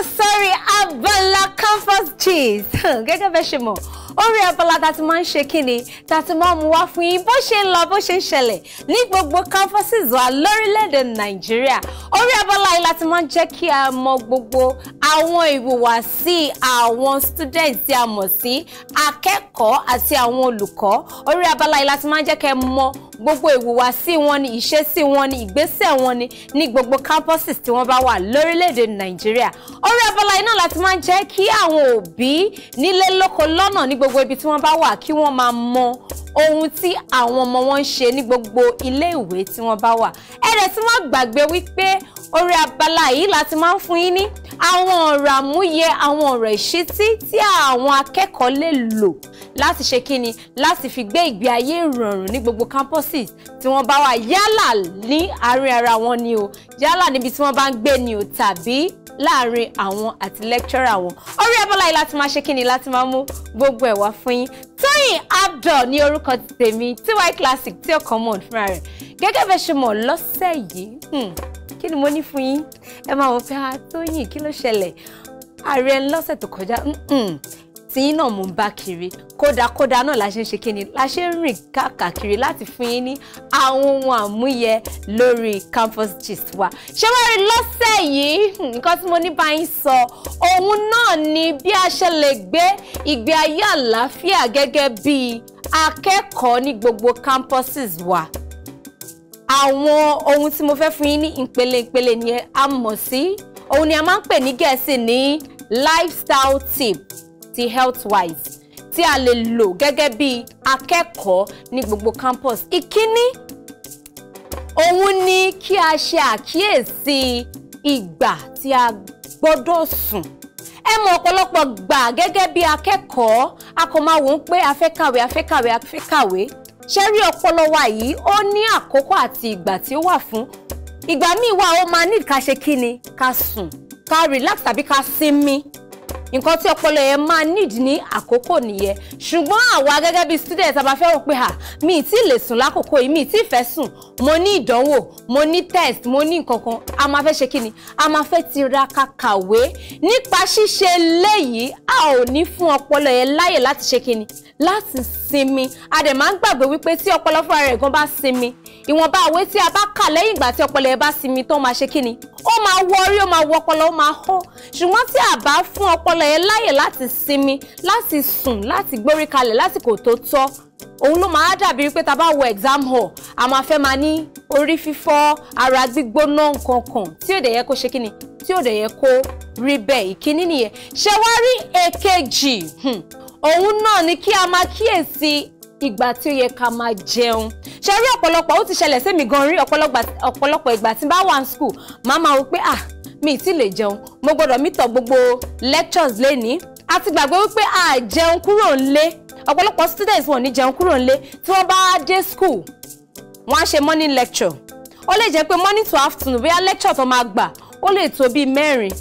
oh sorry abala comfort cheese gẹ́gẹ́ bẹ́ẹ̀ orí abala tá ti máa ń ṣe kíni tá ti máa mú wá fún yín bó ṣe ń lọ bó ṣe ń ṣẹlẹ̀ ní gbogbo campuses wa lórílẹ̀‐èdè nàìjíríà orí abala yìí la ti máa ń jẹ́ kí a mọ gbogbo àwọn ìhùwàsí àwọn students tí a mọ̀ sí akẹ́kọ̀ọ́ àti àwọn olùkọ́ orí abala yìí la ti máa ń jẹ́ kẹ́ mọ gbogbo ìhùwàsí wọn ni ìṣesí wọn ni ìgbésẹ̀ wọn ni ní gbogbo campuses tí wọ́n bá wà lórílẹ̀‐èdè nàìjíríà orí abala yìí náà la ti máa ń jẹ́ kí àwọn òbí nílé lóko lọ́nà ní gbogbo ibi tí wọ́n bá wà kí wọ́n máa mọ ohun tí àwọn ọmọ wọn ń ṣe ní gbogbo ilé ìwé tí wọ́n bá wà ẹ̀rẹ̀ tí wọ́n gbàgbé wípé orí abala yìí láti máa ń fún yín ní àwọn ọ̀rọ̀ àmúyẹ àwọn ọ̀rọ̀ ìṣítí tí àwọn akẹ́kọ̀ọ́ lè lò láti ṣe kíni láti fi gbé ìgbé ayé ìrọ̀rùn ní gbogbo campuses tí wọ́n bá wà yálà ní àárín ara wọn ni o yálà níbi tí wọ́n bá ń gbé ni o tàbí láàrin àwọn àti lẹ́kítọ́rà wọn orí abọ́lá yìí láti máa ṣe kí ni láti máa mú gbogbo ẹ̀ wá fún yín Tóyìn Abdul ní orúkọ tèmi TY Classic tí ó kàn mọ̀ fúnra rẹ̀ gẹ́gẹ́ bẹ́ẹ̀ ṣe mọ̀ lọ́sẹ̀ yìí hmm, kí ni mo ní fún yín ẹ máa wọ pé a ah, Tóyìn kí ló ṣẹlẹ̀ ààrẹ lọ́sẹ̀ tó kọjá hmm, hmm, tí yín náà mò ń bá kiri kódakóda náà la ṣe ń ṣe kíni la ṣe ń rìn káàkiri láti fún yín ní àwọn ohun àmúyẹ lórí campus gist wa ṣé wàá rí lọ́sẹ̀ yìí hmm, nǹkan tí mo ní bá yín sọ òun náà ni bí a ṣe lè gbé ìgbé ayé àlàáfíà gẹ́gẹ́ bí akẹ́kọ̀ọ́ ní gbogbo campuses wa àwọn ohun tí mo fẹ́ fún yín ní ìpele ìpele ni a mọ̀ sí òun ni a máa ń pè ní gẹ̀ẹ́sì ní lifestyle tip ti health wise tí a lè lò gẹ́gẹ́ bí akẹ́kọ̀ọ́ ní gbogbo campus. ìkíní òun ni kí a ṣe àkíyèsí ìgbà tí a gbọ́dọ̀ sùn ẹ mọ ọ̀pọ̀lọpọ̀ gbà gẹ́gẹ́ bí akẹ́kọ̀ọ́ a kò máa wò ó pé a fẹ́ kàwé a fẹ́ kàwé a fẹ́ kàwé ṣe rí ọpọlọ wa yìí ó ní àkókò àti ìgbà tí ó wà fún ìgbà míì wà ó máa ní ká ṣe kí ni ká sùn ká relax tàbí ká sinmi nǹkan tí ọpọlọ yẹn máa need ní àkókò nìyẹn ṣùgbọ́n àwa gẹ́gẹ́ bí student a bá fẹ́ rò pé à mi ì lè sùn lákòókò yìí mi ì fẹ́ sùn mo ní ìdánwò mo ní test mo ní nǹkan kan a máa fẹ́ ṣe kí ni a máa fẹ́ tiraka kàwé nípa ṣíṣe léyìí a ò ní fún ọpọlọ yẹn láyè láti ṣe kí ni láti sinmi a dẹ̀ máa ń gbàgbé wípé tí ọpọlọ fúnra rẹ̀ gan bá sinmi ìwọ̀nba àwé tí a bá kà lẹ́yìn ìgbà tí ọpọlọ yẹn bá sinmi tó máa ṣe kí ni ó máa wọrí ó máa wọ ọpọlọ ó máa hó ṣùgbọ́n tí a bá fún ọpọlọ yẹn láyè láti sinmi láti sùn láti gbórí kalẹ̀ lásìkò tó tọ́ òun ló máa dàbí pé tá a bá wọ exam hall a máa fẹ́ máa ní orí fífọ́ ara gbígbóná nǹkan kan tí ò dẹ̀ yẹ kó ṣe kí ni tí ò dẹ̀ yẹ kó rí bẹ́ẹ̀ ìkíní nìyẹn ṣé wá rí èkejì hmm. òun náà ni kí a máa kíyèsí ìgbà tí ó yẹ ká máa jẹun ṣe rí ọ̀pọ̀lọpọ̀ ó ti ṣẹlẹ̀ sí mi gan rí ọ̀pọ̀lọpọ̀ ìgbà tí n bá wà ní school máa máa wò pé ah mi ì tí lè jẹun mo gbọ́dọ̀ mi tọ̀ gbogbo lectures lénìí àti gbàgbé wípé a jẹun kúrò nílé ọ̀pọ̀lọpọ̀ students wọn ò ní jẹun kúrò nílé tí wọ́n bá dé school wọ́n á ṣe morning lecture ó lè jẹ́ pé morning to afternoon bóyá lecture tó máa gbà ó lè tó bíi mẹ́rin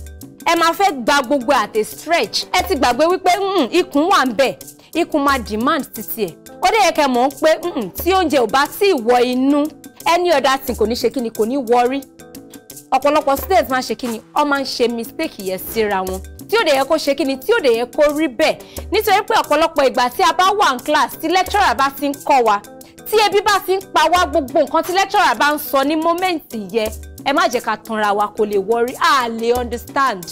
ẹ máa fẹ́ gba gbogbo àtẹ stretch ẹ ti gbàgbé wípé hmm, ikùn wà ń bẹ̀ ikùn máa demand títí ẹ̀ ó dẹ̀ yẹ kẹ́ mọ̀ ń pé tí oúnjẹ ò bá sí ìwọ inú any other thing kò ní ṣe kí ni kò ní wọrí ọ̀pọ̀lọpọ̀ states máa ṣe kí ni wọ́n máa ń ṣe mistake yẹn síra wọn tí ò dẹ̀ yẹ kó ṣe kí ni tí ò dẹ̀ yẹ kó rí bẹ́ẹ̀ nítorí pé ọ̀pọ̀lọpọ̀ ìgbà tí a bá wà ní class tí lecturer bá ti ń kọ́ wa tí ebi bá ti ń pa wá gbogbo nǹkan tí lecturer bá ń sọ ní mọ́mẹ́ǹtì yẹn ẹ má jẹ́ ká tanra wa kò lè wọrí a understand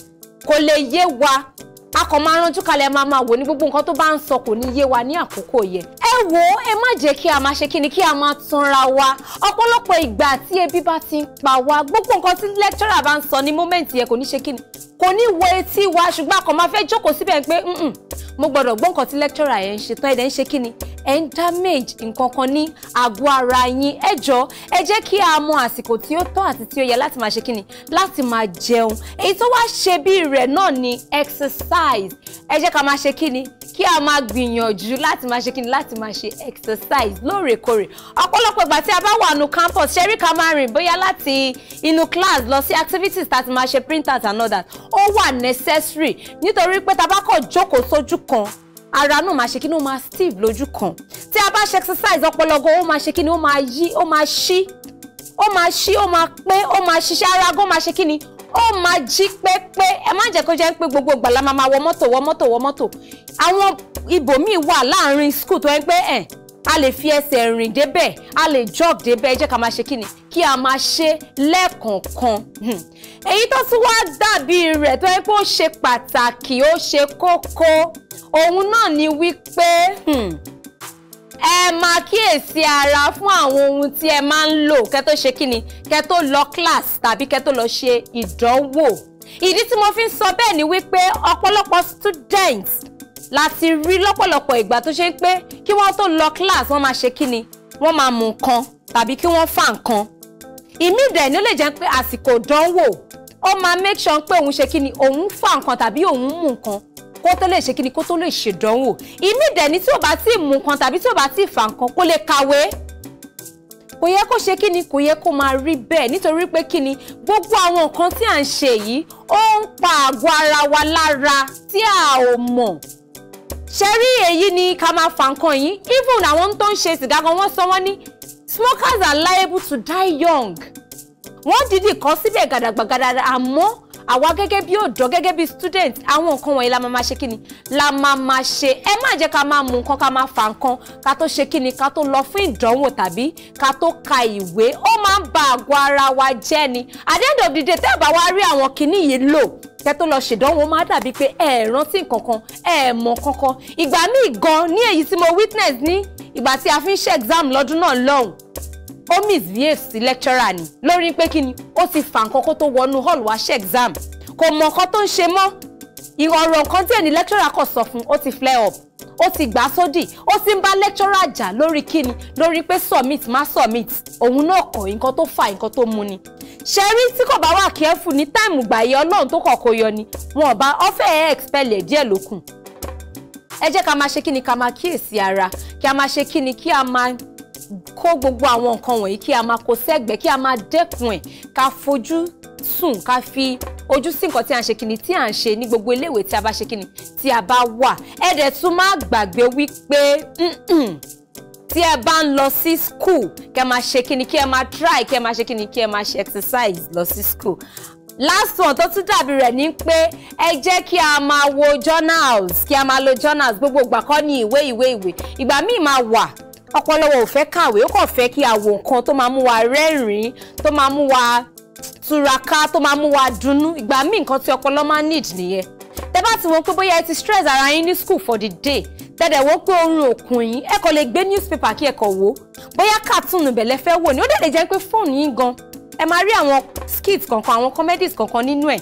kò lè yé wa a kàn máa ránjú kalẹ̀ máa máa wò ní gbogbo nǹkan tó bá ń sọ kò ní yé wa ní àkókò yẹn. ẹ wo ẹ má jẹ́ kí a máa ṣe kíni kí a máa tanra wa ọ̀pọ̀lọpọ̀ ìgbà tí ebi bá ti ń pa wa gbogbo nǹkan tí lecturer bá ń sọ ní moment yẹn kò ní ṣe kíni kò ní wo etí wa ṣùgbọ́n a kàn máa fẹ́ jókòó síbẹ̀ pé mo gbọ́dọ̀ gbọ́ nǹkan tí lecturer yẹn ń ṣe tán ẹ̀dẹ̀ ń ṣe kíni ẹ̀ ń damage nǹkan kan ní àgọ́ ara yín ẹ jọ̀ọ́ ẹ jẹ́ kí a mọ àsìkò tí ó tọ́ àti tí ó yẹ láti máa ṣe kíni láti máa jẹun èyí tó wá ṣe bí rẹ̀ náà ni exercise exercise ẹ jẹ́ ká máa ṣe kí ni kí a máa gbìyànjú láti máa ṣe kí ni láti máa ṣe exercise lóòrèkóòrè ọ̀pọ̀lọpọ̀ ìgbà tí a bá wà nù campus ṣe rí ká máa rìn bóyá láti inú class lọ sí activities tá a máa ṣe print and others ó wà necessary nítorí pé tá a bá kọ̀ jókòó sójú kan ara náà máa ṣe kí ni ó máa stiff lójú kan tí a bá ṣe exercise ọ̀pọ̀lọpọ̀ ó máa ṣe kí ni ó máa yí ó máa ṣí ó máa ṣí ó máa pé ó máa ṣiṣẹ́ ara máa ṣe kí ni ó máa jí pépé ẹ má jẹ́ kó jẹ́ pé gbogbo ìgbà la máa wọ mọ́tò wọ mọ́tò wọ mọ́tò àwọn ibòmíì wà láàrin skul tó ń pẹ́ ẹ̀ a lè fi ẹsẹ̀ rìn débẹ̀ a lè jog débẹ̀ ẹ jẹ́ ká máa ṣe kí ni kí a máa ṣe lẹ́ẹ̀kọ̀ọ̀kan hmm. èyí tó tún wá dàbí rẹ̀ tó yẹ pé ó ṣe pàtàkì ó ṣe kókó òun náà ni wípé. Hmm, ẹ máa kíyèsí ara fún àwọn ohun tí ẹ máa ń lò kẹ́ tó ṣe kíni kẹ́ tó lọ class tàbí kẹ́ tó lọ ṣe ìdánwò ìdí tí mo fi ń sọ bẹ́ẹ̀ ni wípé ọ̀pọ̀lọpọ̀ students láti rí lọ́pọ̀lọpọ̀ ìgbà tó ṣe ń pé kí wọ́n tó lọ class wọ́n máa ṣe kíni wọ́n máa mú nǹkan tàbí kí wọ́n fà nǹkan ìmíì dẹ̀ ni ó lè jẹ́ pé àsìkò ìdánwò ó máa make sure pé òun ṣe kíni òun fà nǹkan tàbí òun mú nǹkan kó tó lè ṣe kí ni kó tó lè ṣèdánwò ìmí dẹ̀ni tí ò bá tí ì mú nǹkan tàbí tí ò bá tí fà nǹkan kó lè kàwé kò yẹ kó ṣe kí ni kò yẹ kó máa rí bẹ́ẹ̀ nítorí pé kí ni gbogbo àwọn nǹkan tí à ń ṣe yìí ó ń pa àgọ́ ara wa lára tí a ò mọ̀ ṣe rí èyí ni ká máa fà nǹkan yìí even àwọn tó ń ṣe sìgá gan wọ́n sọ wọ́n ní smokers are liable to die young wọ́n dìdì kọ́ síbẹ̀ gàdàgbàgàdà àmọ́ àwa gẹ́gẹ́ bí ọ̀dọ́ gẹ́gẹ́ bí student àwọn nǹkan wọ̀nyí la máa ma ṣe kíni la máa ma ṣe ẹ má jẹ́ ká máa mú nǹkan ká máa fa nǹkan ká tó ṣe kíni ká tó lọ fún ìdánwò tàbí ká tó ka ìwé ó máa ń ba àgọ́ ara wa jẹ́ ni at the end of the day tẹ́ ẹ̀ bá wá rí àwọn kíní yìí lò kẹ́ tó lọ ṣèdánwò máa dàbí pé ẹ rántí nǹkankan ẹ mọ̀ kankan ìgbà míì gan ní èyí tí mo witness ní ìgbà tí a fi ń ṣe exam lọ́dún náà lọ́hùn ó misbehave sí lecturer ni lórí pé kí ni ó ti fà nǹkan kó tó wọnú hall wá ṣe exam kò mọ nǹkan tó ń ṣe mọ́ ìrọ̀rọ̀ nǹkan tí ẹni lecturer kò sọ fún ó ti flare up ó ti gbà sódì ó sì ń bá lecturer jà lórí kíni lórí pé submit má submit òun náà kọ nǹkan tó fà nǹkan tó mú ni ṣẹ́rí tí kò bá wà kẹ́fù ní táìmù gbàyẹ ọlọ́run tó kọ̀ọ̀kọ̀ yọ ni wọn ò bá ọ́fẹ́ ẹ̀ ẹ̀xpẹ̀lẹ̀ díẹ̀ lókun ẹ jẹ́ ká máa ṣe kíni ká máa kíyèsí ara kí a máa ṣe kíni kí a máa kó gbogbo àwọn nǹkan wọ̀nyí kí a máa kó sẹ́gbẹ̀ẹ́ kí a máa dẹ́kun ẹ̀ ká fojú sùn ká fi ojú sí nǹkan tí a ń ṣe kíni tí a ń ṣe ní gbogbo iléèwé tí a bá ṣe kíni tí a bá wà ẹ dẹ̀ tún má gbàgbé wípé tí ẹ bá ń lọ sí school kí ẹ máa ṣe kíni kí ẹ máa try kí ẹ máa ṣe kíni kí ẹ máa ṣe exercise lọ sí school last one tó tún dàbí rẹ̀ ni pé ẹ jẹ́ kí a máa wo journals kí a máa lo journals gbogbo ìgbà kọ́ ni ìwé ìwé ìwé ìgbà míì máa wà ọpọlọ wa ò fẹ́ kàwé ó kàn fẹ́ kí a wo nǹkan tó máa mú wa rẹ́rìn-ín tó máa mú wa túraká tó máa mú wa dunnú ìgbà míì nǹkan tí ọpọlọ máa need nìyẹn tẹ bá ti wọn pé bóyá ẹ ti stress ara yín ní school for the day tẹ̀dẹ̀ wọ́n pé oorun òkun yín ẹ kò lè gbé newspaper kí ẹ kò wò bóyá cartoon bẹ̀lẹ̀ fẹ́ wò ni ó dẹ̀dẹ̀ jẹ́ pé fóònù yín gan ẹ máa rí àwọn skit kankan àwọn comedies kankan nínú ẹ̀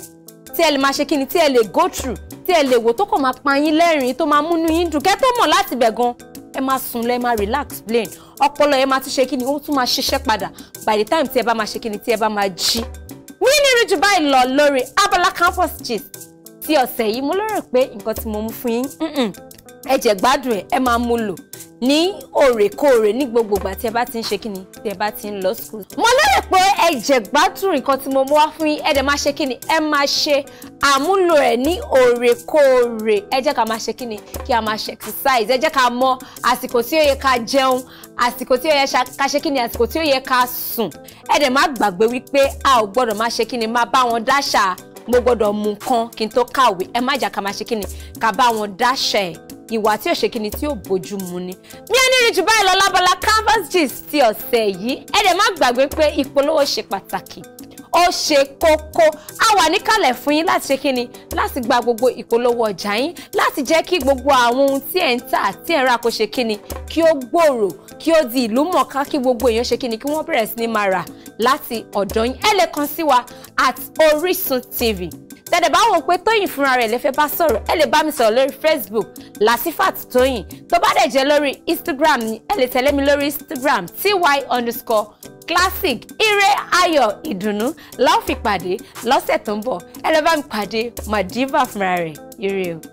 tí ẹ lè máa ṣe kíni tí ẹ lè go through tí ẹ lè wò tó kàn máa pa yín lẹ́rìn-ín tó máa múnú yín dùn kẹ́ tó mọ̀ láti bẹ̀ gan ẹ máa sùn lọ máa relax plain ọpọlọ ẹ máa tún ṣe kí ni ó tún máa ṣiṣẹ́ padà by the time tí ẹ bá máa ṣe kí ni tí ẹ bá máa jí. mi ní rí jù báyìí lọ lórí abala campus gist ti ọ̀sẹ̀ yìí mo lérò pé nǹkan tí mo mú fún yín ẹ gbádùn ẹ ẹ máa mú lò ní òrèkóòrè ní gbogbo ìgbà tí ẹ bá ti ń ṣe kíni tí ẹ bá ti ń lọ school. mo lérò pé ẹ jẹ gbádùn tí mo mú wá fún yín ẹ dẹ̀ máa ṣe kíni ẹ máa ṣe àmúlò ẹ̀ ní òrèkóòrè ẹ ká máa ṣe kíni kí a máa ṣe exercise ẹ jẹ́ ká mọ àsìkò tí ó yẹ ká jẹun àsìkò tí ó yẹ ká ṣe kíni àsìkò tí ó yẹ ká sùn ẹ dẹ̀ má gbàgbé wípé a ò gbọ́dọ̀ máa ṣe kíni máa bá wọn dáṣà mo gbọ́dọ̀ mú nǹkan kí n tó kàwé ẹ má jà ká máa ṣe kíni ká bá wọn dáṣà ìwà tí ò ṣe kíni tí ò bójú mu ni. mi ò ní rí jù báyìí lọ lábala canvas gist ti ọ̀sẹ̀ yìí ẹ dẹ̀ má gbàgbé pé ìpolówó ṣe pàtàkì ó ṣe kókó a wà níkàlẹ̀ fún yín láti ṣe kíni láti gba gbogbo ìpolówó ọjà yín láti jẹ́ kí gbogbo àwọn ohun tí ẹ̀ ń tà àti ẹ̀ rà kó ṣe kíni kí ó gbòòrò kí ó di ìlú mọ̀ọ́ká kí gbogbo èèyàn ṣe kíni kí wọ́n bẹ̀rẹ̀ sí ní máa rà láti ọ̀dọ̀ yín ẹ lè kàn sí wa at Orisun TV tẹ̀dẹ̀ bá wò pé tóyìn fúnra rẹ̀ lè fẹ́ bá sọ̀rọ̀ ẹ lè bá mi sọ̀rọ̀ lórí facebook lasifat tóyìn tó bá dẹ̀ jẹ́ lórí instagram ni ẹ lè tẹ̀lé mi lórí instagram ty underscore classic ire ayọ̀ ìdùnnú la ó fi pàdé lọ́sẹ̀ tó ń bọ̀ ẹ lè bá mi pàdé madiva fúnra rẹ̀ ire o.